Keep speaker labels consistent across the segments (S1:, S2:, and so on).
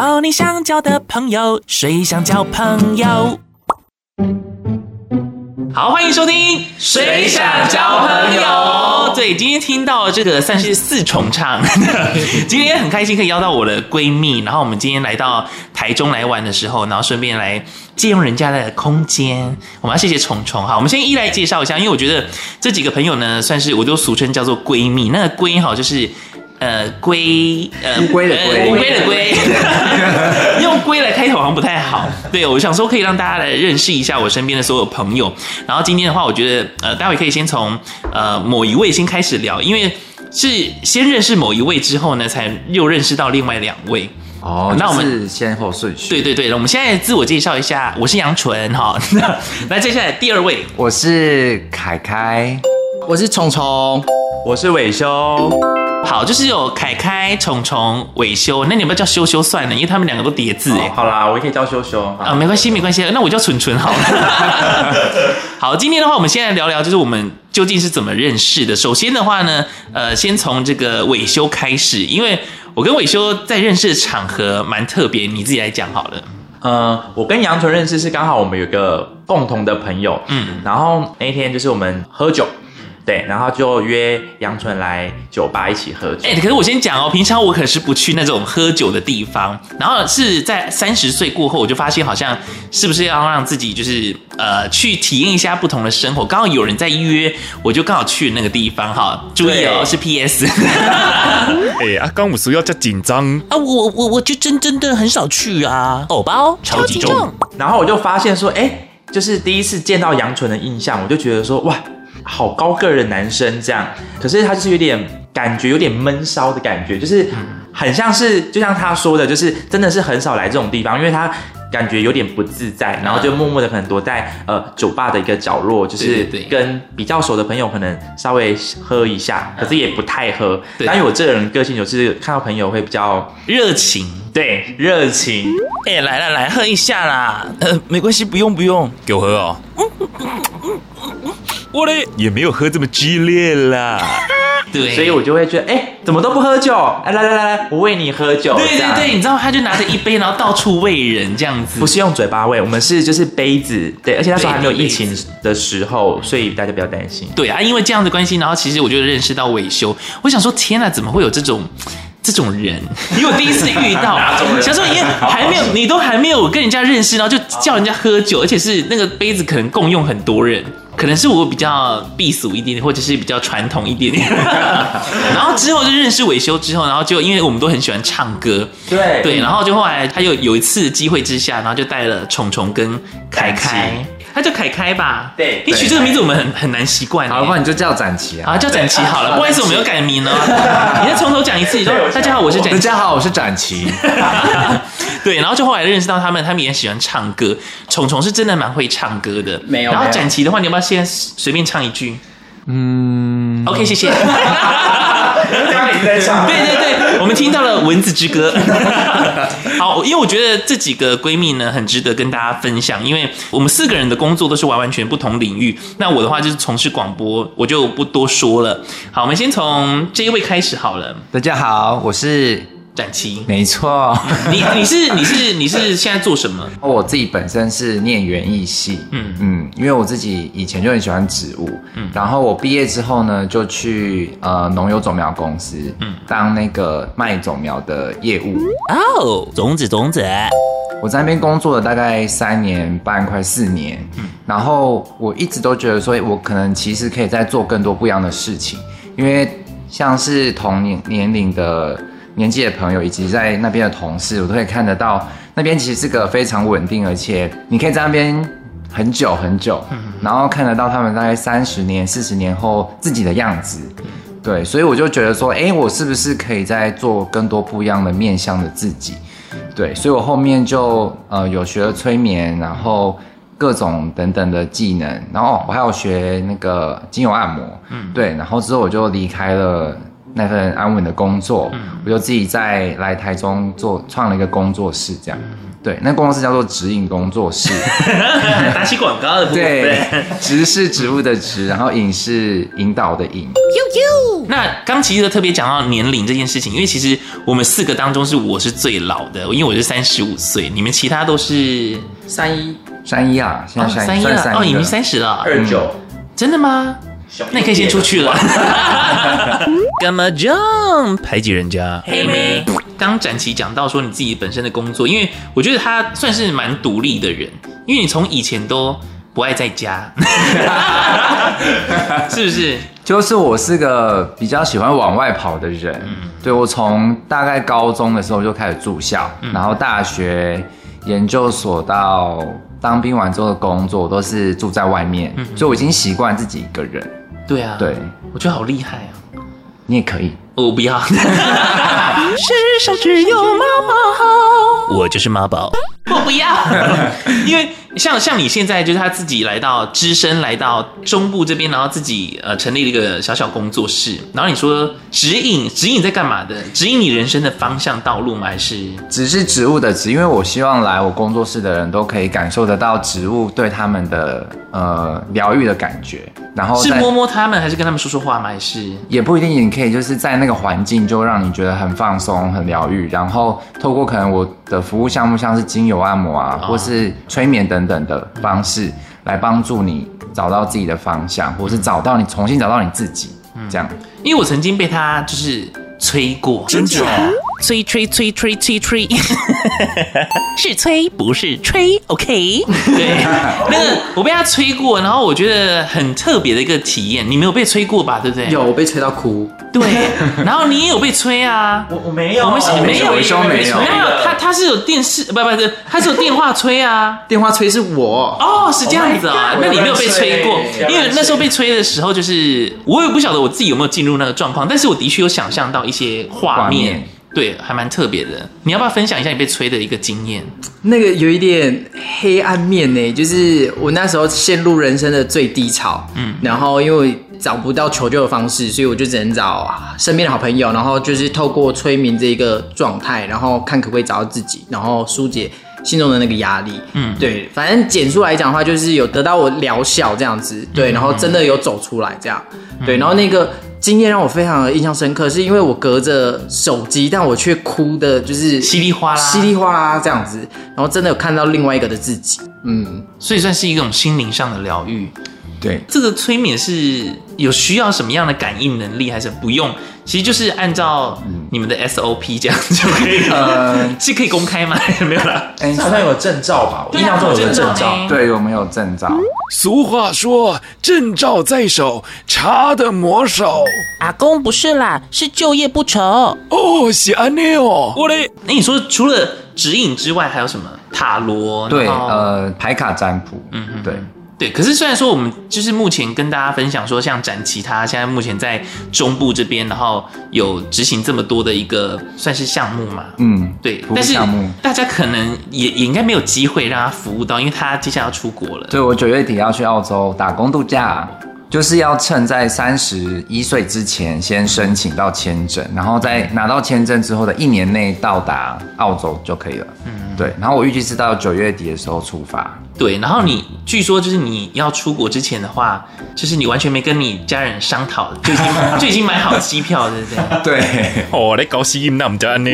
S1: 交你想交的朋友，誰想交朋友？好，歡迎收聽《誰想交朋友》。對，今天聽到這個算是四重唱， 今天很開心可以邀到我的龜蜜。然後我們今天來到台中來玩的時候，然後順便來借用人家的空間。我們要謝謝蟲蟲哈，我們先一來介紹一下，因為我覺得這幾個朋友呢，算是我都俗稱叫做龜蜜。那個“龜”好就是。呃，龜，呃，烏龜的龜，烏龜、呃、的龜， 用龜來開頭好像不太好。對，我想說可以讓大家來認識一下我身邊的所有朋友。然後今天的話，我覺得呃，待會可以先從呃某一位先開始聊，因為是先認識某一位之後呢，才又認識到另外兩位。哦，那我們是先後順序。那對對對，那我們現在自我介紹一下，我是楊純哈、哦。那接下來第二位，我是凱凱，我是蟲蟲，我是偉修好，就是有麒麒、蟲蟲、偉修，那你要不要叫修修算了？因為他們兩個都疊字，欸。哦，好啦，我也可以叫修修。啊，沒關係，沒關係。那我叫純純好了。 好，今天的話，我們先來聊聊，就是我們究竟是怎麼認識的。首先的話呢，呃，先從這個偉修開始，因為我跟偉修在認識的場合蠻特別，你自己來講好了。呃，我跟楊純認識是剛好我們有一個共同的朋友，嗯，然後那一天就是我們喝酒。對，然後就約楊純來酒吧一起喝酒。哎、欸，可是我先講哦，平常我可是不去那種喝酒的地方。然後是在三十歲過後，我就發現好像是不是要讓自己就是呃去體驗一下不同的生活。剛好有人在約，我就剛好去那個地方哈、哦。注意哦，是 P S。哎，阿剛，我說要這麼緊張。啊，我我我就真真的很少去啊。偶包、哦哦、超級重。張然後我就發現說，哎、欸，就是第一次見到楊純的印象，我就覺得說哇。好高個的男生這樣，可是他就是有點感覺，有點悶騷的感覺，就是很像是就像他說的,就是真的是很少來這種地方,因為他感覺有點不自在,然後就默默的可能躲在呃酒吧的一個角落,就是跟比較熟的朋友可能稍微喝一下,可是也不太喝。對,但是我這個人個性就是看到朋友會比較熱情,對,熱情。哎,來了,來喝一下啦。呃,沒關係,不用,不用,給我喝哦。我嘞，也沒有喝這麼激烈啦，對，所以我就會覺得，哎、欸，怎麼都不喝酒？哎、啊，來來來來，啊啊、我餵你喝酒。對對對，樣你知道嗎？他就拿着一杯，然後到處餵人這樣子。不是用嘴巴餵，我們是就是杯子，對，而且那時候還沒有疫情的時候，對所以大家不要擔心。對啊，因為這樣的關係，然後其實我就認識到偉修。我想說，天哪、啊，怎麼會有這種？這種人，因為我第一次遇到，小時候因為還沒有，你都還沒有跟人家認識，然後就叫人家喝酒，而且是那個杯子可能共用很多人，可能是我比較閉俗一點點，或者是比較傳統一點點。然後之後就認識偉修之後，然後就因為我們都很喜歡唱歌，對對，然後就後來他又有一次機會之下，然後就帶了蟲蟲跟凱凱。那就凱凱吧，對，你取這個名字我們很很難習慣。好的話，你就叫展麒啊，叫展麒好了，不好意思，我沒有改名哦。你再從頭講一次，你說大家好，我是展。大家好，我是展麒。對，然後就後來認識到他們，他們也喜歡唱歌。蟲蟲是真的蠻會唱歌的，沒有。然後展麒的話，你要不要先隨便唱一句？嗯，OK，謝謝。家在唱， 對對對，我們聽到了《蚊子之歌。》 好，因為我覺得這幾個龜蜜呢，很值得跟大家分享，因為我們四個人的工作都是完完全全不同領域。那我的話就是從事廣播，我就不多說了。好，我們先從這一位開始好了。大家好，我是。展麒，
S2: 沒錯，錯。 你是你是你是你是現在做什麼？我自己本身是念園藝系，嗯嗯，因為我自己以前就很喜歡植物，嗯。然後我畢業之後呢，就去呃農友種苗公司，嗯，當那個賣種苗的業務。哦，種子種子。我在那邊工作了大概三年半，快四年。嗯、然後我一直都覺得，說我可能其實可以再做更多不一樣的事情，因為像是同年年齡的。年紀的朋友以及在那邊的同事，我都可以看得到。那邊其實是個非常穩定，而且你可以在那邊很久很久，然後看得到他們大概三十年、四十年後自己的樣子。對，所以我就覺得說，哎，我是不是可以再做更多不一樣的面向的自己？對，所以我後面就呃有學了催眠，然後各種等等的技能，然後我還有學那個精油按摩。嗯，對，然後之後我就離開了。那份安穩的工作，嗯、我就自己在來台中做，創了一個工作室，這樣。對，那個、工作室叫做植引工作室， 打起廣告的部分。對，植對是植物的植， 然後引是引導的引。
S1: Q Q。那剛其實特別講到年齡這件事情，因為其實我們四個當中是我是最老的，因為我是三十五歲，你們其他都是三一、三一啊，現在三一，哦、三一了，三一哦，已經三十了，二九，嗯、真的嗎？那你可以先出去了。 幹嘛？John 排擠人家。Hey, 妹剛展麒講到說你自己本身的工作，因為我覺得他算是蠻獨立的人，因為你從以前都不愛
S2: 在家， 是不是？就是我是個比較喜歡往外跑的人，嗯、對我從大概高中的時候就開始住校，嗯、然後大學研究所到當兵完之後的工作我都是住在外面，嗯嗯嗯，所以我已經習慣自己一個人。對啊，對，我覺得好厲害啊！你也可以，哦，我不要。
S1: 世上只有媽媽好，我就是媽寶， 我不要。 因為像像你現在就是他自己來到，隻身來到中部這邊，然後自己呃成立了一個小小工作室。然後你說植引指引，你在幹嘛的？指引你人生的方向道路嗎？還是
S2: 只是植物的植？因為我希望來我工作室的人都可以感受得到植物對他們的。呃，療癒的感覺，然後是摸
S1: 摸他們，還是跟他們說說話嗎？還是
S2: 也不一定，你可以就是在那個環境就讓你覺得很放鬆、很療癒，然後透過可能我的服務項目，像是精油按摩啊，哦、或是催眠等等的方式，嗯、來幫助你找到自己的方向，嗯、或是找到你重新找到你自己，嗯、這樣。因為我曾經被他就是。吹過，真的假
S1: 的？吹吹吹吹吹吹，是吹不是吹？OK。對，那個我被他吹過，然後我覺得很特別的一個體驗。你沒有被吹過吧？對不對？有，
S3: 我被吹到哭。對，
S1: 然後你也有被吹啊？我我沒有，我們是沒有，沒有，沒有。他他是有電視，不不，是他是有電話吹啊。
S3: 電話吹是我
S1: 哦，是這樣子啊。那你沒有被吹過，因為那時候被吹的時候，就是我也不曉得我自己有沒有進入那個狀況，但是我的確有想象到。一些畫面，面對，還蠻特別的。你要不要分享一下你被催的一個經驗？
S3: 那個有一點黑暗面呢，就是我那時候陷入人生的最低潮，嗯，然後因為找不到求救的方式，所以我就只能找身邊的好朋友，然後就是透過催眠這一個狀態，然後看可不可以找到自己，然後疏解心中的那個壓力。嗯，對，反正簡述來講的話，就是有得到我療效這樣子，對，然後真的有走出來這樣，嗯嗯，對，然後那個。今天讓我非常的印象深刻，是因為我隔着手機，但我卻哭的，就是稀里嘩啦、稀里嘩啦這樣子，然後真的有看到另外一個的自己，嗯，
S1: 所以算是一種心靈上的療癒。對。這個催眠是有需要什麼樣的感應能力，還是不用？其實就是按照你們的 SOP 這樣就可以了。嗯，是可以公開嗎？嗯，沒有了。嗯，好
S2: 像有證照吧，我、啊、印象中有證照。對，有沒有證照？
S1: 俗話說，證照在手，查的魔手。阿公不是啦，是就業不愁。哦，是阿尼哦。我嘞。那你說除了指引之外，還有什麼？塔羅。對，後呃，牌卡占卜。嗯哼，對。對，可是雖然說我們就是目前跟大家分享說，像展麒他現在目前在中部這邊，然後有執行這麼多的一個算是項目嘛，嗯，對，但是，
S2: 大家可能也也應該沒有機會讓他服務到，因為他接下來要出國了。對，我九月底要去澳洲打工度假，就是要趁在三十一歲之前先申請到簽證，然後在拿到簽證之後的一年內到達澳洲就可以了。嗯。對，然後我預計是到九月底的時候出發。
S1: 對，然後你、嗯、據說就是你要出國之前的話，就是你完全沒跟你家人商討，就已經就已經買好機票， 對不對？對，哦，你高興那麼早呢？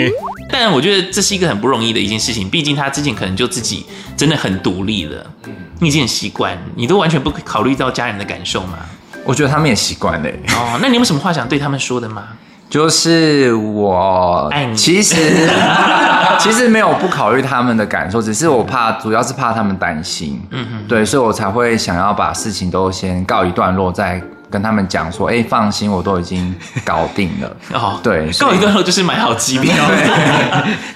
S1: 但我覺得這是一個很不容易的一件事情，畢竟他之前可能就自己真的很獨立了，嗯、你已經很習慣，你都完全不考慮到家人的感受嗎？我覺得他們也習慣嘞。哦，那你有什麼話想對他們說的
S2: 嗎？就是我，其實其實沒有不考慮他們的感受，只是我怕，主要是怕他們擔心。嗯，對，所以我才會想要把事情都先告一段落，再跟他們講說，欸，放心，我都已經搞定了。哦，對，
S1: 告一段落就是買好機票。對。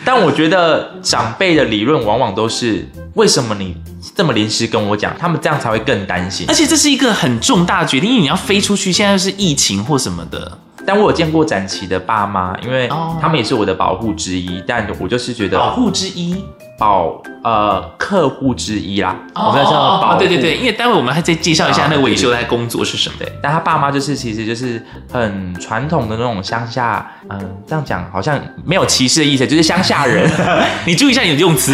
S1: 但我覺得長輩的理論往往都是，為什麼你這麼臨時跟我講？他們這樣才會更擔心。而且這是一個很重大決定，因為你要飛出去，現在又是疫情或什麼的。但我有見過展麒的爸媽，因為他們也是我的保戶之一。但我就是覺得保戶之一。保呃，客戶之一啦，我們要叫保。對對對，因為待會我們還再介紹一下那個偉修在工作是什麼的。但他爸媽就是其實就是很傳統的那種鄉下，嗯，這樣講好像沒有歧視的意思，就是鄉下人。你注意一下你的用詞，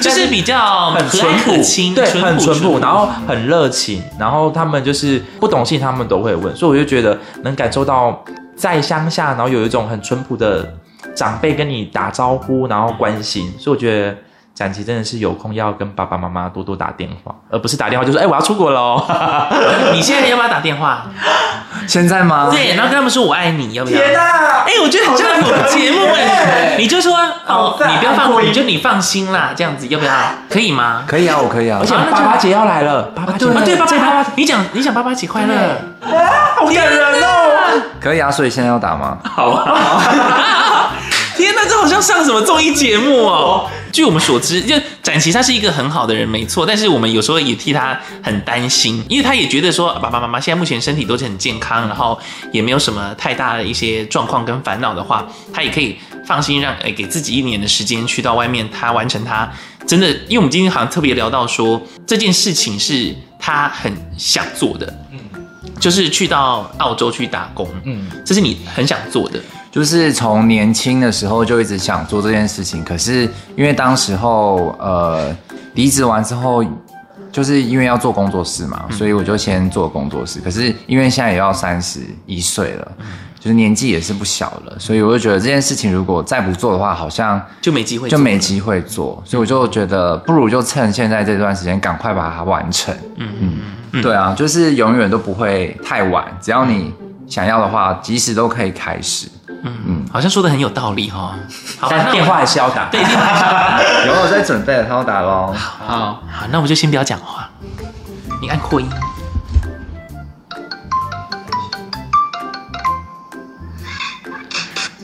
S1: 就是比較很淳樸、對，很淳樸，然後很熱情，然後他們就是不懂事，他們都會問，所以我就覺得能感受到在鄉下，然後有一種很淳樸的。長輩跟你打招呼，然後關心，所以我覺得展麒真的是有空要跟爸爸媽媽多多打電話，而不是打電話就說哎我要出國了。你現在要不要打電話？現在嗎？對，然後跟他們說我愛你，要不要？好的。哎，我覺得好像有節目哎，你就說哦，你不要放，你就你放心啦，這樣子要不要？可以嗎？可以啊，我可以啊。而且爸爸節要來了，爸爸節，對爸爸你講你講爸爸節快樂啊，好感人哦。
S2: 可以啊，所以現在要打嗎？好啊。
S1: 但這好像上什麼綜藝節目喔？據我們所知，就展麒他是一個很好的人，沒錯。但是我們有時候也替他很擔心，因為他也覺得說爸爸媽媽現在目前身體都是很健康，然後也沒有什麼太大的一些狀況跟煩惱的話，他也可以放心讓欸，給自己一年的時間去到外面，他完成他真的，因為我們今天好像特別聊到說這件事情是他很想做的，嗯，就是去到澳洲去打工，嗯，
S2: 這是你很想做的。就是從年輕的時候就一直想做這件事情，可是因為當時候呃離職完之後，就是因為要做工作室嘛，嗯、所以我就先做工作室。可是因為現在也要三十一歲了，嗯、就是年紀也是不小了，所以我就覺得這件事情如果再不做的話，好像就沒機會做，就沒機會做。所以我就覺得不如就趁現在這段時間趕快把它完成。嗯嗯，對啊，就是永遠都不會太晚，只要你想要的話，嗯、即時都可以開始。嗯嗯，嗯好像說的很有道理哈、哦。好，但電話還是要打， 對， 有我在準備了，他要打咯。好，好，
S1: 那我就先不要講話，
S2: 你按擴音。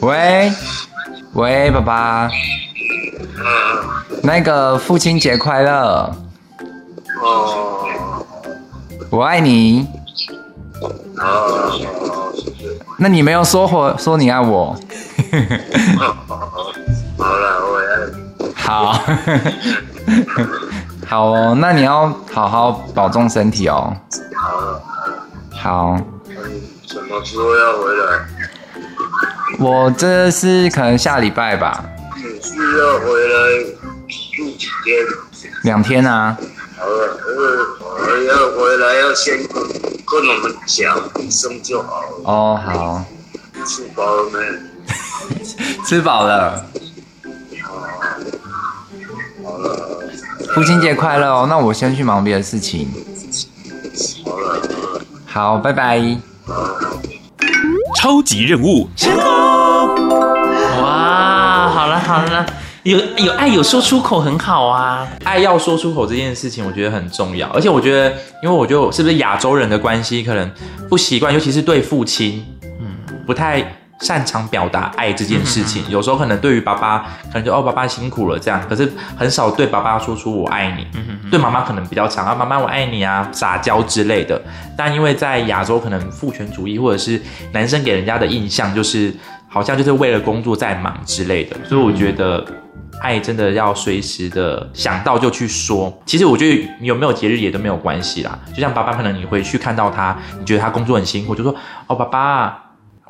S2: 喂，喂，爸爸，那個父親節快樂，
S3: 哦，
S2: 我愛你。嗯那你沒有說說你愛我。 好了，我愛你。好。好,好,好, 好哦，那你要好好保重身體哦。好,了好。好、嗯。什麼時候要回來？我這是可能下禮拜吧。是要回來住幾,幾天？兩天吶、啊。好了，我要回來要先。跟我們講一聲就好了。哦，
S1: 好。吃飽了沒？
S2: 吃飽了。好
S1: 了，
S2: 好了。父親節快樂哦！那我先去忙別的事情，好了。好，拜拜。
S1: 超級任務成功！哇，好了好了。有有愛有說出口，很好啊，愛要說出口這件事情我覺得很重要，而且我覺得因為我就是不是亞洲人的關係，可能不習慣，尤其是對父親，嗯，不太。擅長表達愛這件事情，有時候可能對於爸爸，可能就哦，爸爸辛苦了這樣，可是很少對爸爸說出我愛你。嗯、哼哼對媽媽可能比較常，啊媽媽我愛你啊，撒嬌之類的。但因為在亞洲，可能父權主義或者是男生給人家的印象就是好像就是為了工作在忙之類的，嗯、所以我覺得愛真的要隨時的想到就去說。其實我覺得有沒有節日也都沒有關係啦。就像爸爸，可能你回去看到他，你覺得他工作很辛苦，就說哦，爸爸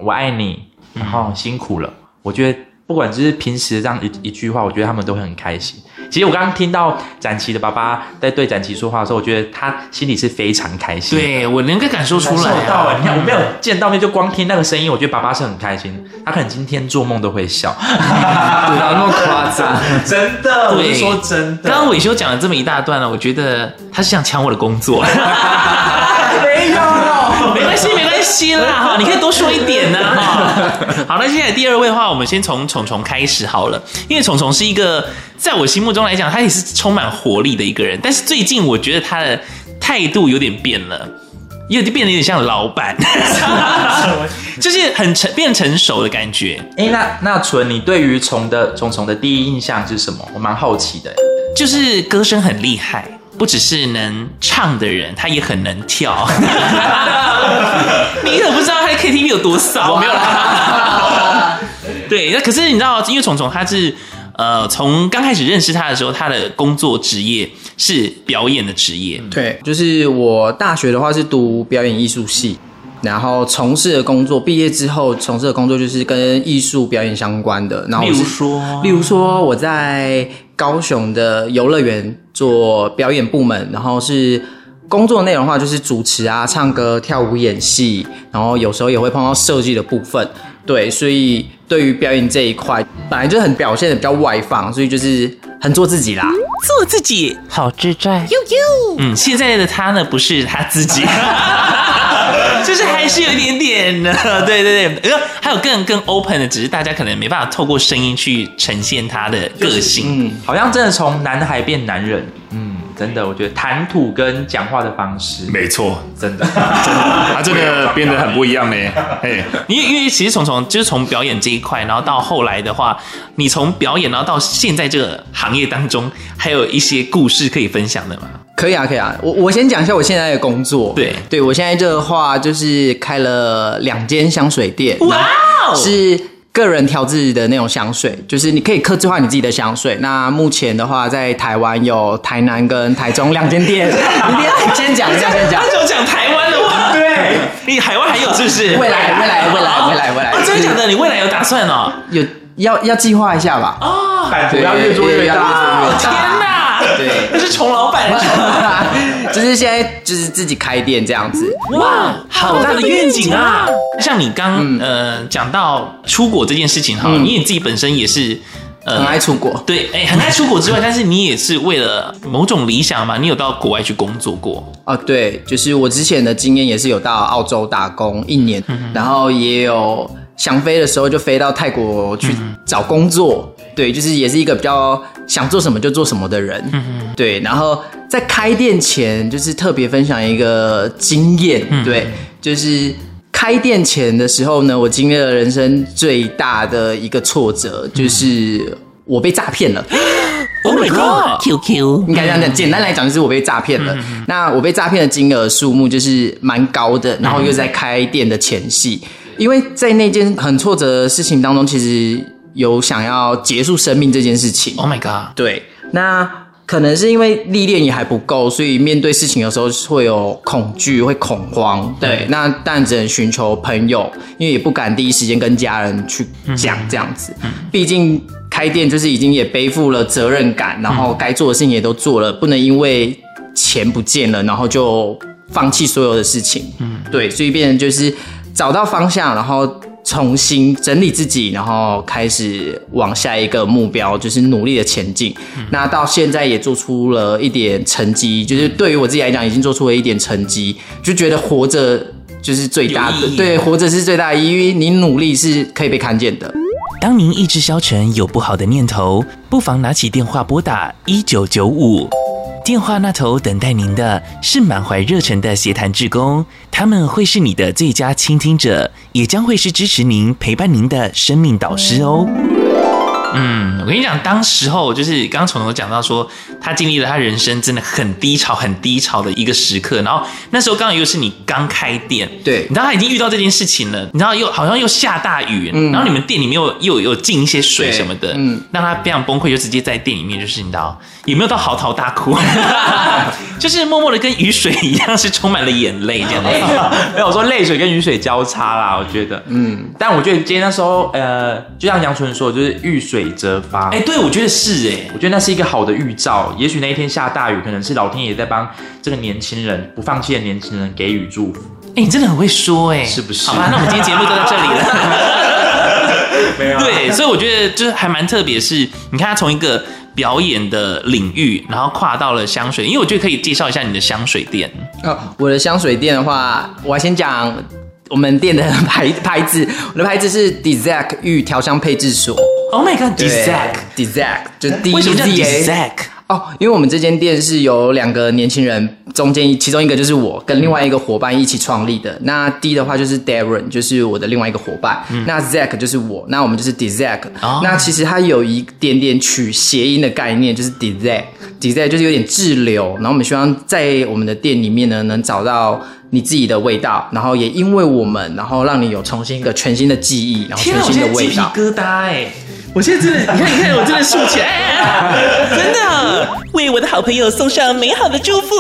S1: 我愛你。然後辛苦了，我覺得不管就是平時這樣一一句話，我覺得他們都會很開心。其實我剛剛聽到展麒的爸爸在對展麒說話的時候，我覺得他心裡是非常開心。對，我能夠感受出來、啊，你看麼我沒有見到面，就光聽那個聲音，我覺得爸爸是很開心，他可能今天做夢都會笑，不要、 啊、那麼誇張， 真的，我是說真的，剛剛偉修講了這麼一大段了，我覺得他是想搶我的工作。 開心啦，哈！你可以多說一點呢、啊、哈。好，那接下來第二位的話，我們先從蟲蟲開始好了，因為蟲蟲是一個在我心目中來講，他也是充滿活力的一個人。但是最近我覺得他的態度有點變了，又變得有點像老闆， 就是很成變成熟的感覺。哎、欸，那那純，你對於蟲的蟲蟲的第一印象是什麼？我蠻好奇的、欸，就是歌聲很厲害。不只是能唱的人，他也很能跳。
S3: 你可不知道他 KTV 有多
S1: 騷啊？我沒
S2: 有。
S1: 對，那可是你知道，因為蟲蟲他是呃，從剛開始認識他的時候，他的工作職業是表演的職業。
S3: 對，就是我大學的話是讀表演藝術系，然後從事的工作，畢業之後從事的工作就是跟藝術表演相關的。然後，例如說，例如說我在高雄的遊樂園。做表演部門，然後是工作內容的話，就是主持啊、唱歌、跳舞、演戲，然後有時候也會碰到設計的部分。對，所以對於表演這一塊，本來就很表現的比較外放，所以就是很做自己啦。做自己，
S1: 好自在。呦呦。
S3: 嗯，現在的他
S1: 呢，不是他自己。 就是還是有一點點的，對對對，呃，還有更更 open 的，只是大家可能沒辦法透過聲音去呈現他的個性，就是，嗯，好像真的從男孩變男人，嗯，真的，我覺得談吐跟講話的方式，沒錯，嗯，真的，他真的變得很不一樣呢，欸，嘿因為因為其實從從就是從表演這一塊，然後到後來的話，你從表演然後到現在這個行業當中，還有一些故事可以分享的嗎？
S3: 可以啊，可以啊，我我先講一下我現在的工作。對，對我現在的話就是開了兩間香水店，哇哦，是個人調製的那種香水，就是你可以客製化你自己的香水。那目前的話，在台灣有台南跟台中兩間店。一定要先講一下，先講，那就講台灣的話。對，你海外還有是不是？未來，未來，未來，未來，未來。真的假的，你未來有打算哦？有，要要計劃一下吧。哦，我要越做越大。對，那是窮老闆的穿搭，就是現在就是自己開店這樣子。哇，好大的願景啊！像你剛、嗯、呃
S1: 講到出國這件事情哈，嗯、因為你自己本身也是、呃、很愛出國，對、欸，很愛出國之外， 但
S3: 是你也是為了某種理想嘛，你有到國外去工作過啊、呃？對，就是我之前的經驗也是有到澳洲打工一年，嗯、哼然後也有想飛的時候就飛到泰國去找工作。嗯、哼對，就是也是一個比較。想做什麼就做什麼的人，嗯、哼對。然後在開店前，就是特別分享一個經驗，嗯、哼對，就是開店前的時候呢，我經歷了人生最大的一個挫折，就是我被詐騙了、嗯哼。 Oh my god！Q Q， 應該這樣講，簡單來講就是我被詐騙了。嗯、哼那我被詐騙的金額數目就是蠻高的，然後又在開店的前夕，嗯、哼因為在那件很挫折的事情當中，其實。有想要結束生命這件事情，Oh my god！對，那可能是因為歷練也還不夠，所以面對事情有時候會有恐懼，會恐慌。對，嗯、那但只能尋求朋友，因為也不敢第一時間跟家人去講這樣子。嗯、畢竟開店就是已經也背負了責任感，然後該做的事情也都做了，不能因為錢不見了，然後就放棄所有的事情。嗯，對，所以變成就是找到方向，然後。重新整理自己，然後開始往下一個目標，就是努力的前進。嗯、那到現在也做出了一點成績，就是對於我自己來講，已經做出了一點成績，就覺得活着就是最大的，易對，活着是最大的意義。因為你努力是可以被看見的。
S1: 當您意志消沉，有不好的念頭，不妨拿起電話撥打一九九五。電話那頭等待您的是滿懷熱忱的協談志工，他們會是你的最佳傾聽者，也將會是支持您、陪伴您的生命導師哦。嗯，我跟你講，當時候就是剛從頭講到說，他經歷了他人生真的很低潮、很低潮的一個時刻。然後那時候剛好又是你剛開店，對，你知道他已經遇到這件事情了，你知道又好像又下大雨，嗯、然後你們店裡面又又有進一些水什麼的，嗯，讓他非常崩潰，就直接在店裡面就是你知道也沒有到嚎啕大哭， 就是默默的跟雨水一樣，是充滿了眼淚這樣的。 沒有，我說淚水跟雨水交叉啦，我覺得，嗯，但我覺得今天那時候，呃，就像楊純說，就是遇水。折發哎，對，我覺得是哎、欸，我覺得那是一個好的預兆。也許那一天下大雨，可能是老天爺在幫這個年輕人不放棄的年輕人給予祝福。哎、欸，你真的很會說哎、欸，是不是？好吧，那我們今天節目就到這裡了。沒有。對，所以我覺得就是還蠻特別是，是你看他從一個表演的領域，然後跨到了香水，因為我覺得可以介紹一下你的香水店、
S3: 哦、我的香水店的話，我要先講我們店的牌牌子，我的牌子是 D Zack 遇調香配製所。
S1: Oh my God,D Zack,
S3: D Zack, D Zack 就第一、oh, D Zack 哦，因為我們這間店是由兩個年輕人中間，其中一個就是我，跟另外一個夥伴一起創立的。那 D 的話就是 Darren，就是我的另外一個夥伴。嗯、那 Zack 就是我，那我們就是 D Zack。Oh? 那其實它有一點點取諧音的概念，就是 D Zack。D Zack 就是有點滯留。然後我們希望在我們的店裡面呢，能找到你自己的味道，然後也因為我們，然後讓你有重新一個全新的記憶，然後全新的味道。啊、我現在
S1: 雞皮疙瘩、欸我現在真的，你看，你看，我真的豎起來，啊，來， 真的，哦，為我的好朋友送上美好的祝福。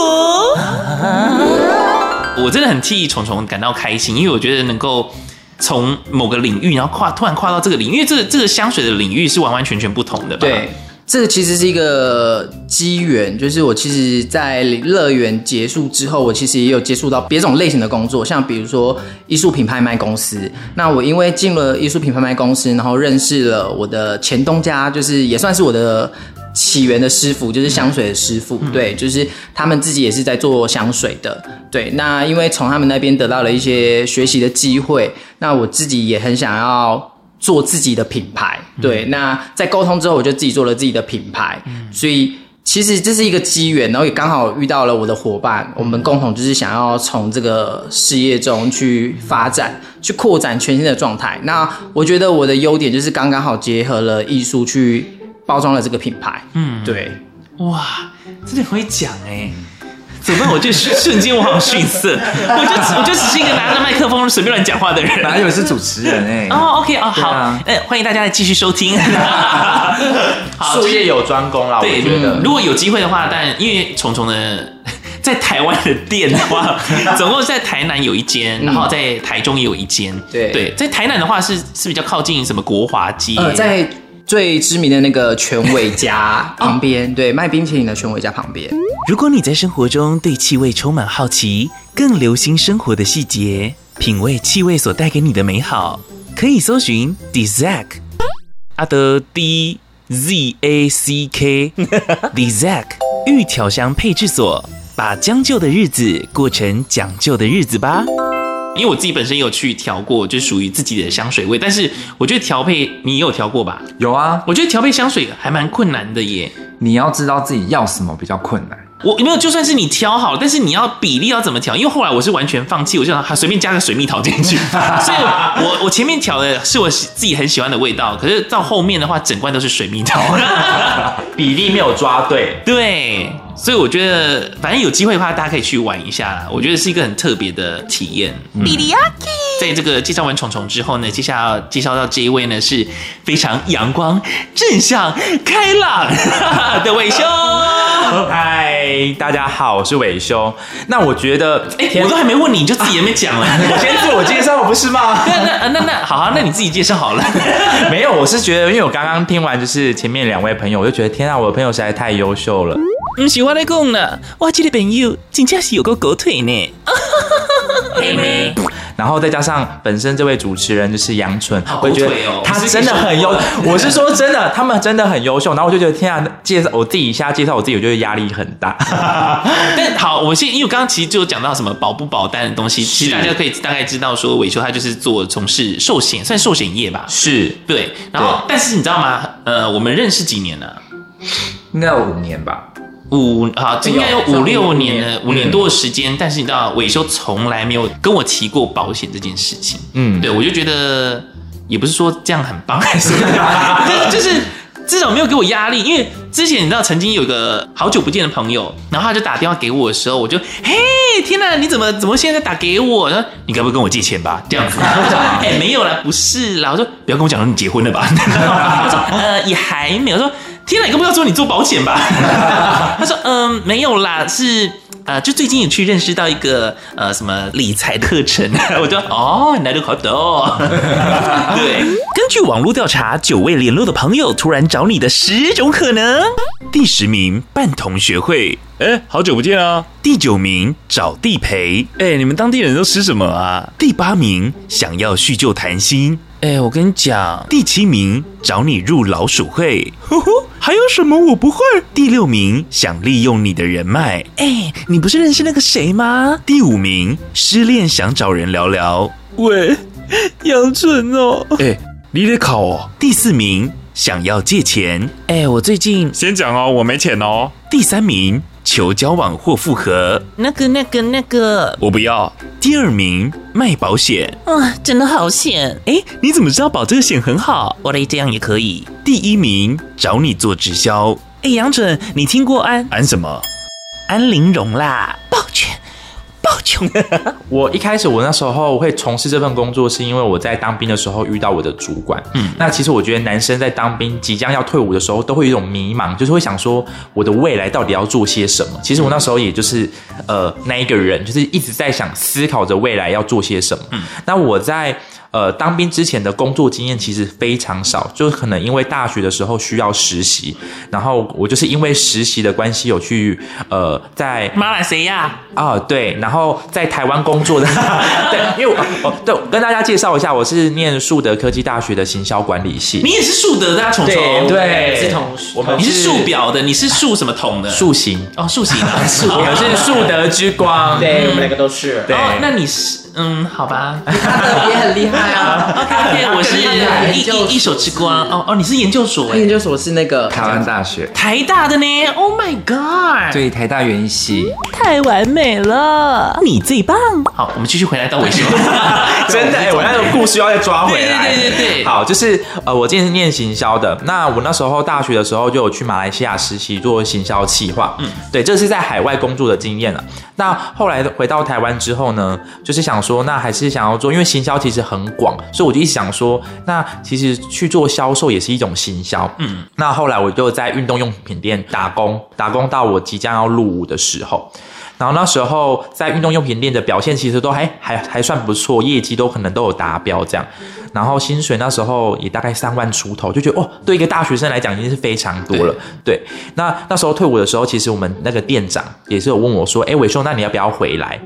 S1: 我真的很替蟲蟲感到開心，因為我覺得能夠從某個領域，然後跨突然跨到這個領域，因為這個這個香水的領域是完完全全不同的。對。
S3: 這個其實是一個機緣，就是我其實，在樂園結束之後，我其實也有接觸到別種類型的工作，像比如說藝術品拍賣公司。那我因為進了藝術品拍賣公司，然後認識了我的前東家，就是也算是我的起源的師傅，就是香水的師傅。對，就是他們自己也是在做香水的。對，那因為從他們那邊得到了一些學習的機會，那我自己也很想要。做自己的品牌，嗯、對。那在溝通之後，我就自己做了自己的品牌。嗯，所以其實這是一個機緣，然後也剛好遇到了我的夥伴，嗯、我們共同就是想要從這個事業中去發展，去擴展全新的狀態。那我覺得我的優點就是剛剛好結合了藝術去包裝了這個品牌。嗯，對。
S1: 哇，這點可以講誒。 怎麼我就瞬間我好遜色，我就我就只是一個拿着麥克風隨便亂講話的人，哪有是主持人哎。哦，OK 哦好，哎、欸、歡迎大家來繼續收聽。 好，術業有專攻啦，對我覺得如果有機會的話，嗯、但因為蟲蟲的在台灣的店的話，總共是在台南有一間，然後在台中也有一間。嗯、對對，在台南的話
S3: 是是比較靠近什麼國華街。呃最知名的那個全偉家旁邊， 哦、對，賣冰淇淋的全偉家旁邊。
S1: 如果你在生活中對氣味充滿好奇，更留心生活的細節，品味氣味所帶給你的美好，可以搜尋 D Z ack, A, D Z A C K，阿德 D Z A C K D Z A C K 遇調香配製所，把將就的日子過成講究的日子吧。因為我自己本身也有去調過，就屬於自己的香水味。但是我覺得調配你也有調過吧？有啊，我覺得調配香水還蠻困難的耶。你要知道自己要什麼比較困難。我沒有，就算是你挑好，但是你要比例要怎麼調？因為後來我是完全放棄，我就想、啊、隨便加個水蜜桃進去。 所以我我，我前面調的是我自己很喜歡的味道，可是到後面的話，整罐都是水蜜桃， 比例沒有抓對，對。對。嗯。所以我覺得，反正有機會的話，大家可以去玩一下啦。我覺得是一個很特別的體驗。b i l l a k i 在這個介紹完蟲蟲之後呢，接下來要介紹到這一位呢是非常陽光、正向、開朗的偉修。嗨，大家好，我是偉修。那我覺得，欸啊、我都還沒問你，你就自己也沒講了、啊。我先自我介紹， 不是嗎？那那啊，那那好,好，那你自己介紹好了。 沒有，我是覺得，因為我剛剛聽完就是前面兩位朋友，我就覺得天啊，我的朋友實在太優秀了。嗯，喜歡的講啦。我這個朋友，真的是有個狗腿呢。 沒然後再加上本身這位主持人就是楊春，好腿哦、我覺得他真的很優。我是說真的，他們真的很優秀。然後我就覺得，天啊，介紹我自己一下，介紹我自己，我覺得壓力很大、 啊。但好，我現先，因為剛剛其實就講到什麼保不保單的東西，是其實大家可以大概知道說，說偉修他就是做從事壽險，算壽險業吧。是對。然後，對但是你知道嗎？呃，我們認識幾年了？
S2: 應該有五年吧。
S1: 五啊，應該、哦、有五六年了，哦、五年多的時間。嗯、但是你知道，偉修從來沒有跟我提過保險這件事情。嗯，對，我就覺得也不是說這樣很棒，還 是就是至少沒有給我壓力。因為之前你知道曾經有一個好久不見的朋友，然後他就打電話給我的時候，我就嘿，hey, 天哪，你怎麼怎麼現在打給我呢？你該不會跟我借錢吧？這樣子，我說哎沒有啦，不是啦。我說不要跟我講說你結婚了吧。 然後我說呃也還沒有說。天哪，你不要說你做保險吧？ 他說：嗯，沒有啦，是呃，就最近也去認識到一個呃什麼理財課程， 我就哦，你來得好哦。對，根據網絡調查，久未聯絡的朋友突然找你的十種可能：第十名辦同學會，哎，好久不見啊；第九名找地陪，哎，你們當地人都吃什麼啊？第八名想要敘舊談心。哎，我跟你講，第七名找你入老鼠會，吼吼，還有什麼我不會？第六名想利用你的人脈，哎，你不是認識那個誰嗎？第五名失戀想找人聊聊，喂，楊純哦，哎，你得考哦。第四名想要借錢，哎，我最近先講哦，我沒錢哦。第三名。求交往或復合？那個、那個、那個，我不要。第二名賣保險，哇、嗯，真的好險！誒，你怎麼知道保這個險很好？我的這樣也可以。第一名找你做直銷。誒，楊準，你聽過安安什麼？安陵容啦，抱歉。我一開始，我那時候會從事這份工作，是因為我在當兵的時候遇到我的主管。嗯，那其實我覺得男生在當兵即將要退伍的時候，都會有一種迷茫，就是會想說我的未來到底要做些什麼。其實我那時候也就是呃那一個人，就是一直在想思考着未來要做些什麼。嗯，那我在。呃，當兵之前的工作經驗其實非常少，就可能因為大學的時候需要實習，然後我就是因為實習的關係有去呃在馬來西亞啊，對，然後在台灣工作的，對，因為我哦，對，跟大家介紹一下，我是念樹德科技大學的行銷管理系，你也是樹德的，蟲蟲，對，是同，你是樹表的，你是樹什麼統的？樹形。哦，樹形。樹，我是樹德之光，對，我們兩個都是，對，那你是。嗯，好吧，也很厲
S3: 害啊。 okay, okay, 我是
S1: 一一手之光哦哦，你是研究所，研究所是那個台灣大學台大的呢？Oh my god！對，台大園藝系，太完美了，你最棒。好，我們繼續回來到偉修。 對真的，我要有、欸、故事要再抓回來。對對對對對。好，就是呃，我今天是念行銷的，那我那時候大學的時候就有去馬來西亞實習做行銷企劃，嗯，對，這、就是在海外工作的經驗了。那後來回到台灣之後呢，就是想。說那還是想要做，因為行銷其實很廣，所以我就一直想說，那其實去做銷售也是一種行銷。嗯，那後來我就在運動用品店打工，打工到我即將要入伍的時候，然後那時候在運動用品店的表現其實都還還還算不錯，業績都可能都有達標這樣。然後薪水那時候也大概三萬出頭，就覺得哦，對一個大學生來講已經是非常多了。對，對，那那時候退伍的時候，其實我們那個店長也是有問我說：“哎，偉修，那你要不要回來？”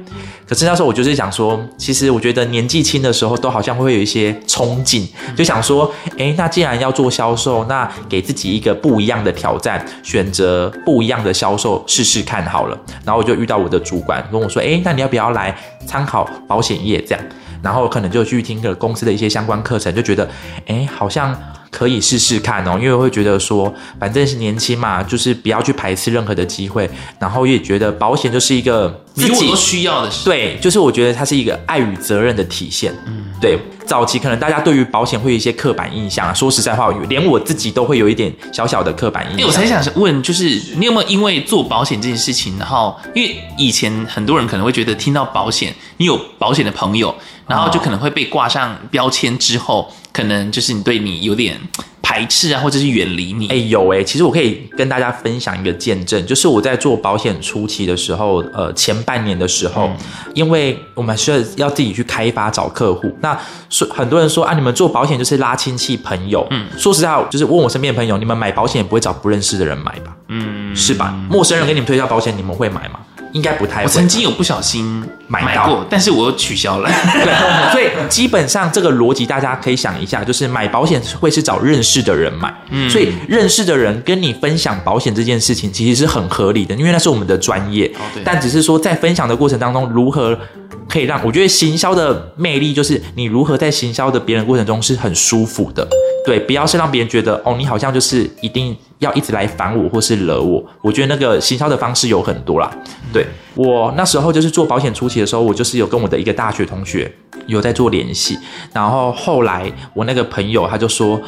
S1: 可是那時候我就是想說，其實我覺得年紀輕的時候都好像會有一些憧憬，就想說：“哎，那既然要做銷售，那給自己一個不一樣的挑戰，選擇不一樣的銷售，試試看好了。”然後我就遇到我的主管問我說：“哎，那你要不要來參考保險業這樣？”然後可能就去聽個公司的一些相關課程，就覺得，哎、欸，好像。可以試試看哦，因為我會覺得說，反正是年輕嘛，就是不要去排斥任何的機會。然後也覺得保險就是一個你自己，自己需要的事，對，對就是我覺得它是一個愛與責任的體現。嗯，對，早期可能大家對於保險會有一些刻板印象。說實在話，連我自己都會有一點小小的刻板印象。因為我才想問，就是你有沒有因為做保險這件事情，然後因為以前很多人可能會覺得聽到保險，你有保險的朋友，然後就可能會被掛上標籤之後。可能就是你對你有點排斥啊，或者是遠離你。哎、欸，有哎、欸，其實我可以跟大家分享一個見證，就是我在做保險初期的時候，呃，前半年的時候，嗯、因為我們需要要自己去開發找客戶。那說很多人說啊，你們做保險就是拉親戚朋友。嗯，說實在，就是問我身邊的朋友，你們買保險也不會找不認識的人買吧？嗯，是吧？陌生人給你們推銷保險，嗯、你們會買嗎？應該不太會。我曾經有不小心買到過，買刀但是我取消了。 對，所以基本上這個邏輯，大家可以想一下，就是買保險會是找認識的人買。嗯，所以認識的人跟你分享保險這件事情，其實是很合理的，因為那是我們的專業。哦、但只是說在分享的過程當中，如何可以讓我覺得行銷的魅力，就是你如何在行銷的別人過程中是很舒服的。對，不要是讓別人覺得哦，你好像就是一定要一直來煩我或是惹我。我覺得那個行銷的方式有很多啦。對，我那時候就是做保險初期的時候，我就是有跟我的一個大學同學有在做聯繫，然後後來我那個朋友他就說，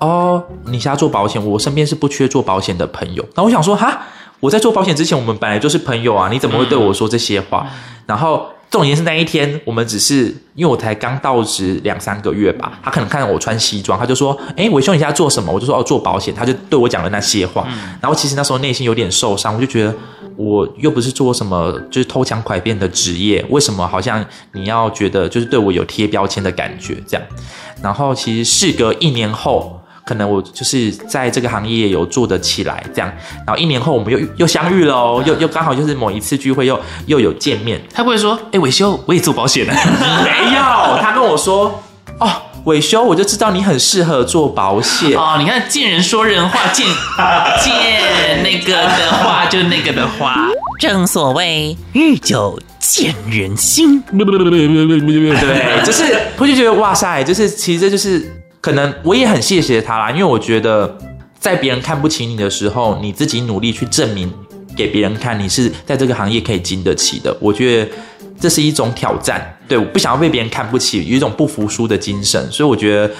S1: 哦，你想要做保險，我身邊是不缺做保險的朋友。那我想說哈，我在做保險之前，我們本來就是朋友啊，你怎麼會對我說這些話？嗯、然後。重點是那一天，我們只是因為我才剛到職兩三個月吧，他可能看到我穿西裝，他就說：“哎、欸，偉修，你在做什麼？”我就說：“哦，做保險。”他就對我講了那些話。嗯、然後其實那時候內心有點受傷，我就覺得我又不是做什麼就是偷搶拐騙的職業，為什麼好像你要覺得就是對我有貼標籤的感覺這樣？然後其實事隔一年後。可能我就是在這個行業有做得起來這樣，然後一年後我們又又相遇嘍、哦，又又剛好就是某一次聚會又又有見面，他會說：“哎、欸，偉修，我也做保險的。” 沒有，他跟我說：“哦，偉修，我就知道你很適合做保險。”哦，你看，見人說人話，見見那個的話就那個的話，正所謂日久見人心。對，就是我就覺得哇塞，就是其實就是。可能我也很謝謝他啦，因為我覺得在別人看不起你的時候，你自己努力去證明給別人看你是在這個行業可以經得起的。我覺得這是一種挑戰，對，我不想要被別人看不起，有一種不服輸的精神。所以我覺得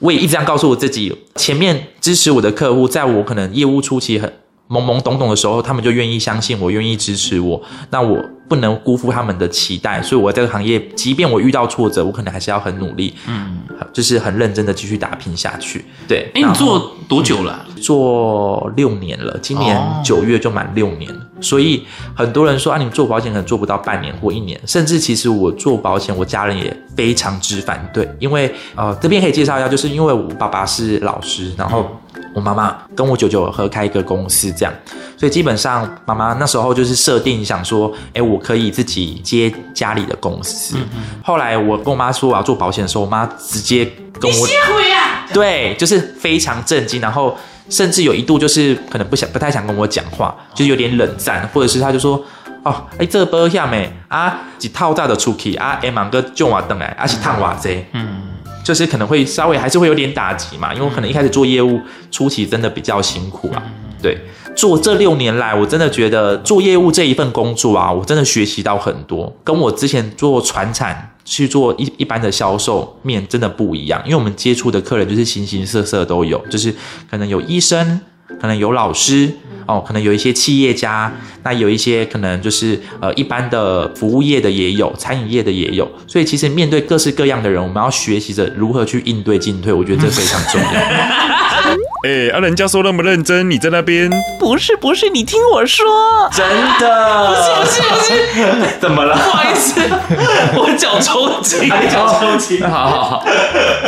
S1: 我也一直這樣告訴我自己。前面支持我的客戶，在我可能業務初期很。懵懵懂懂的時候，他們就願意相信我，願意支持我。那我不能辜負他們的期待，所以我在這個行業，即便我遇到挫折，我可能還是要很努力，嗯，就是很認真的繼續打拼下去。對，哎、欸，然後你做多久了、啊嗯？做六年了，今年九月就滿六年。哦，所以很多人說啊，你們做保險可能做不到半年或一年，甚至其實我做保險，我家人也非常之反對，因為呃，這邊可以介紹一下，就是因為我爸爸是老師，然後。嗯我媽媽跟我舅舅合開一個公司，這樣，所以基本上媽媽那時候就是設定想說，哎，我可以自己接家裡的公司。後來我跟我媽說我要做保險的時候，我媽直接跟我，你先回啊！對，就是非常震驚，然後甚至有一度就是可能不想、不太想跟我講話，就是有點冷戰，或者是她就說，哦，哎，這波下面啊？幾套大的出題啊？哎，忙哥叫我等哎，還是燙我這？嗯。就是可能會稍微還是會有點打擊嘛，因為可能一開始做業務初期真的比較辛苦啊。對，做這六年來，我真的覺得做業務這一份工作啊，我真的學習到很多，跟我之前做傳產去做一一般的銷售面真的不一樣，因為我們接觸的客人就是形形色色都有，就是可能有醫生。可能有老師哦，可能有一些企業家，那有一些可能就是呃，一般的服務業的也有，餐飲業的也有。所以其實面對各式各樣的人，我們要學習着如何去應對進退，我覺得這非常重要。哎、 欸，啊，人家說那麼認真，你在那邊？不是不是，你聽我說，真的？不是不是不是，不是不是 怎麼了？不好意
S2: 思， 我腳抽筋，腳、啊、抽筋。好，好好。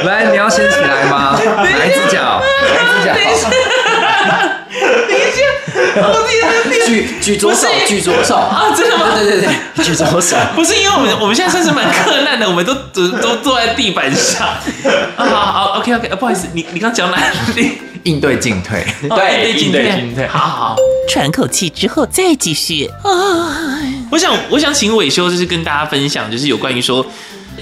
S2: 來，你要先起來嗎？哪隻腳？哪隻腳？
S1: 你等一下，我也、啊啊、是，舉舉左手，舉左手啊，真的嗎？對對對，
S2: 不舉左手，不
S1: 是因為我們我們現在算是蠻克難的，我們都 都,都坐在地板上啊、哦。好,好，OK，OK，OK, OK, 不好意思，你你剛講哪？應對對應對進退，對應對進退，好好，喘好口氣之後再繼續。啊，我想我想請偉修，就是跟大家分享，就是有關於說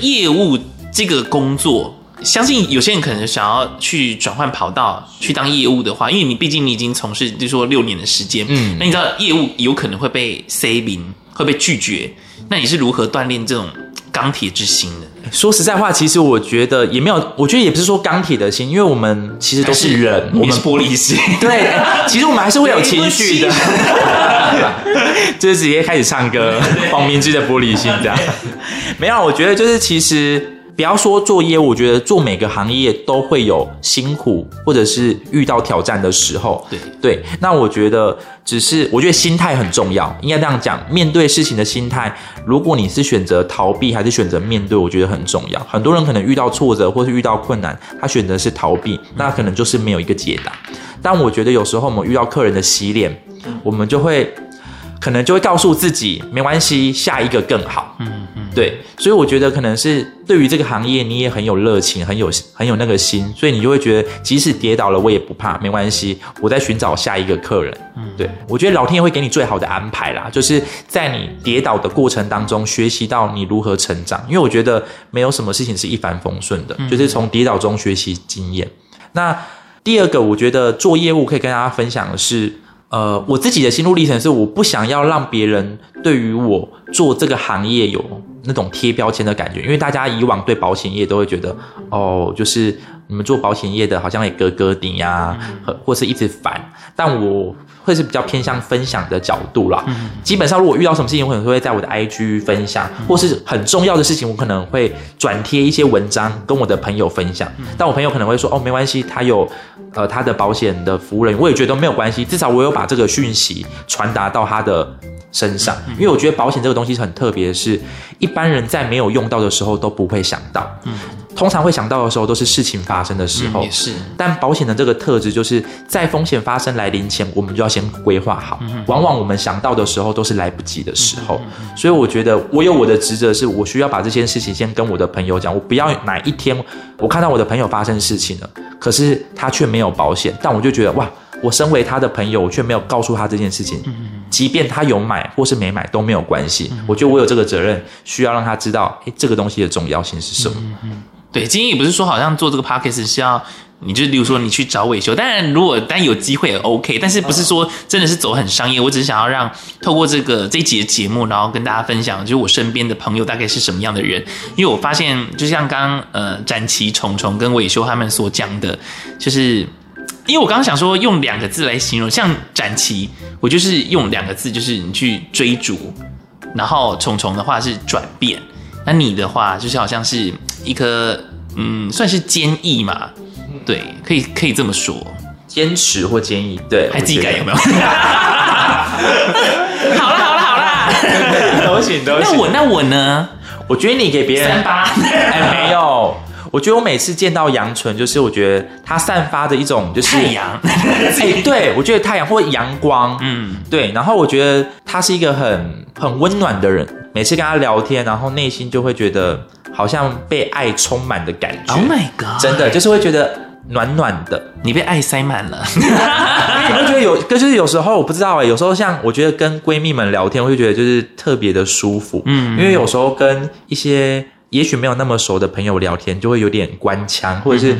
S1: 業務這個工作。相信有些人可能想要去轉換跑道去當業務的話，因為你畢竟你已經從事就說六年的時間，嗯，那你知道業務有可能會被洗臉，會被拒絕，那你是如何鍛鍊這種鋼鐵之心的？說實在話，其實我覺得也沒有，我覺得也不是說鋼鐵的心，因為我們其實都是人，是我們是玻璃心，們 對，其實我們還是會有情緒的，的 就是直接開始唱歌，對 黃明志的玻璃心這樣，沒有，我覺得就是其實。不要說做業務，我覺得做每個行業都會有辛苦或者是遇到挑戰的時候。對對，那我覺得只是我覺得心態很重要，應該這樣講，面對事情的心態，如果你是選擇逃避還是選擇面對，我覺得很重要。很多人可能遇到挫折或是遇到困難，他選擇是逃避，那可能就是沒有一個解答。嗯。但我覺得有時候我們遇到客人的洗臉，我們就會可能就會告訴自己沒關係，下一個更好。對，所以我覺得可能是對於這個行業，你也很有熱情，很有很有那個心，所以你就會覺得即使跌倒了，我也不怕，沒關係，我在尋找下一個客人。嗯，對，我覺得老天爺會給你最好的安排啦，就是在你跌倒的過程當中學習到你如何成長，因為我覺得沒有什麼事情是一帆風順的，就是從跌倒中學習經驗。嗯、那第二個，我覺得做業務可以跟大家分享的是，呃，我自己的心路歷程是，我不想要讓別人對於我做這個行業有。那種貼標籤的感覺，因為大家以往對保險業都會覺得，嗯嗯、哦，就是。你們做保險業的，好像也格格頂呀，或是一直煩。但我會是比較偏向分享的角度啦。基本上，如果遇到什麼事情，我可能會在我的 IG 分享，或是很重要的事情，我可能會轉貼一些文章跟我的朋友分享。但我朋友可能會說：“哦，沒關係，他有呃他的保險的服務人員。”我也覺得都沒有關係，至少我有把這個訊息傳達到他的身上。因為我覺得保險這個東西是很特別，是一般人在沒有用到的時候都不會想到。嗯。通常會想到的時候都是事情發生的時候，也、嗯、是。但保險的這個特質就是在風險發生來臨前，我們就要先規劃好。往往我們想到的時候都是來不及的時候，嗯嗯嗯嗯、所以我覺得我有我的職責，是我需要把這件事情先跟我的朋友講。我不要哪一天我看到我的朋友發生事情了，可是他卻沒有保險。但我就覺得哇，我身為他的朋友，我卻沒有告訴他這件事情。即便他有買或是沒買都沒有關係，我覺得我有這個責任需要讓他知道，誒，這個東西的重要性是什麼？嗯嗯嗯對，今天也不是說好像做這個 podcast 是要，你就比如說你去找偉修，當然如果但有機會也 OK，但是不是說真的是走很商業，我只是想要讓透過這個這一集的節目，然後跟大家分享，就是我身邊的朋友大概是什麼樣的人，因為我發現，就像剛剛，呃展麒、蟲蟲跟偉修他們所講的，就是因為我剛剛想說用兩個字來形容，像展麒，我就是用兩個字，就是你去追逐，然後蟲蟲的話是轉變。.那你的話就是好像是一顆，嗯，算是堅毅嘛，對，可以可以這麼說，堅持或堅毅，對，還質感有沒有？
S2: 好啦好啦好啦，
S1: 都行都行。那我那我呢？我覺得你給別人三八還、 欸、沒有。我覺得我每次見到楊純，就是我覺得他散發的一種就是太陽陽、 欸，對我覺得太陽或陽光，嗯，對，然後我覺得他是一個很很溫暖的人。每次跟他聊天，然後內心就會覺得好像被愛充滿的感覺。Oh my god！真的就是會覺得暖暖的，你被愛塞滿了。可能 覺得有，就是有時候我不知道哎、欸，有時候像我覺得跟閨蜜們聊天，我就覺得就是特別的舒服。嗯，嗯，因為有時候跟一些也許沒有那麼熟的朋友聊天，就會有點官腔，或者是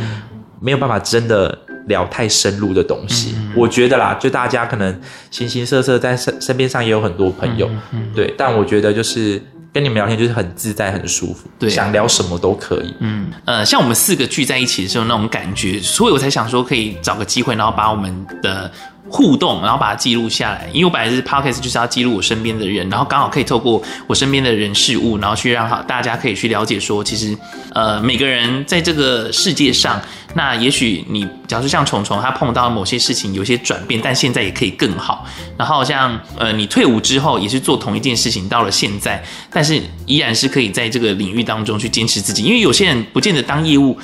S1: 沒有辦法真的。聊太深入的東西，嗯嗯，我覺得啦，就大家可能形形色色，在身身邊上也有很多朋友，嗯嗯嗯，對。但我覺得就是跟你們聊天就是很自在、很舒服，對啊，想聊什麼都可以。嗯，呃，像我們四個聚在一起的時候那種感覺，所以我才想說可以找個機會，然後把我們的。互動，然後把它記錄下來。因為我本來是 podcast 就是要記錄我身邊的人，然後剛好可以透過我身邊的人事物，然後去讓好大家可以去了解說，說其實，呃，每個人在這個世界上，那也許你，假如說像蟲蟲，他碰到某些事情，有些轉變，但現在也可以更好。然後像，呃，你退伍之後也是做同一件事情，到了現在，但是依然是可以在這個領域當中去堅持自己。因為有些人不見得當業務，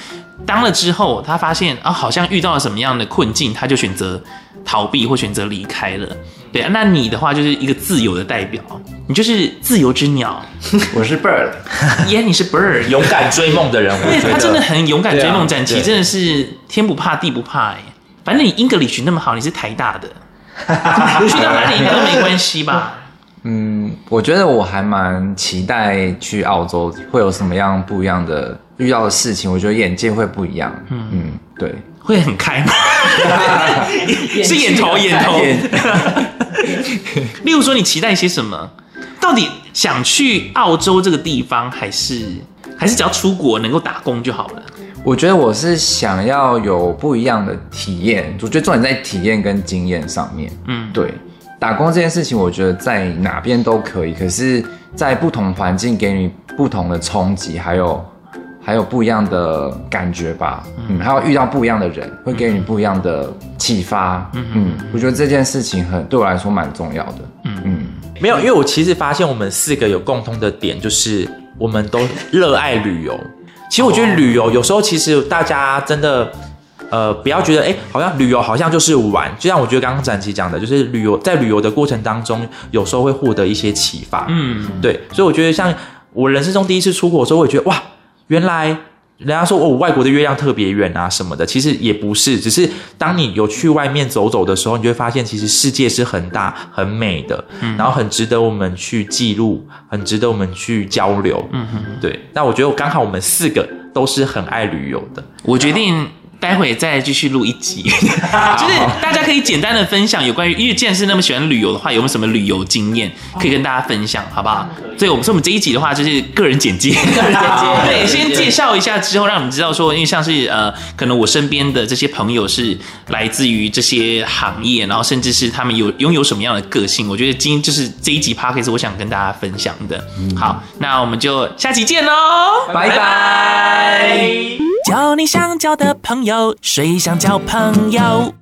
S1: 當了之後，他發現啊，好像遇到了什麼樣的困境，他就選擇。逃避，或選擇離開了，對啊，那你的話就是一個自由的代表，你就是自由之鳥。 我是 bird，耶， yeah, 你是 bird，勇敢追夢的人。對，他真的很勇敢追夢，展麒，啊，真的是天不怕地不怕哎、欸。對對對，反正你 English 那麼好，你是台大的， 啊、去到哪裡應該都沒關係吧？嗯，
S2: 我覺得我還蠻期待去澳洲會有什麼樣不一樣的遇到的事情，我覺得眼界會不一樣。嗯嗯，對。會很開嗎？
S1: 是眼頭眼，眼，眼頭。 例如說，你期待一些什麼？到底想去澳洲這個地方，還是還是只要出國能夠打工就好了？
S2: 我覺得我是想要有不一樣的體驗，我覺得重點在體驗跟經驗上面。嗯，對，打工這件事情，我覺得在哪邊都可以，可是在不同環境給你不同的衝擊，還有。還有不一樣的感覺吧，嗯，還有遇到不一樣的人，嗯、會給你不一樣的啟發，嗯嗯，嗯我覺得這件事情很對我來說蠻重要的，嗯嗯，
S1: 嗯沒有，因為我其實發現我們四個有共通的點，就是我們都熱愛旅遊。 其實我覺得旅遊有時候其實大家真的，oh. 呃，不要覺得哎、欸，好像旅遊好像就是玩，就像我覺得剛剛展麒講的，就是旅遊在旅遊的過程當中，有時候會獲得一些啟發，嗯，嗯，對，所以我覺得像我人生中第一次出國的時候，我也覺得哇。原來人家說哦，外國的月亮特別圓啊什麼的，其實也不是，只是當你有去外面走走的時候，你就會發現，其實世界是很大、很美的，然後很值得我們去記錄，很值得我們去交流。嗯哼，哼，對。但我覺得我剛好我們四個都是很愛旅遊的，我決定。待會再繼續錄一集，就是大家可以簡單的分享有關於，因為既然是那麼喜歡旅遊的話，有沒有什麼旅遊經驗可以跟大家分享，好不好？所以，我們說我們這一集的話就是個人簡介，個人簡介。對，先介紹一下之後，讓你們知道說，因為像是呃，可能我身邊的這些朋友是來自於這些行業，然後甚至是他們有擁有什麼樣的個性，我覺得今天就是這一集 Podcast 我想跟大家分享的。好，那我們就下期見嘍，拜拜。交你想交的朋友。誰想交朋友？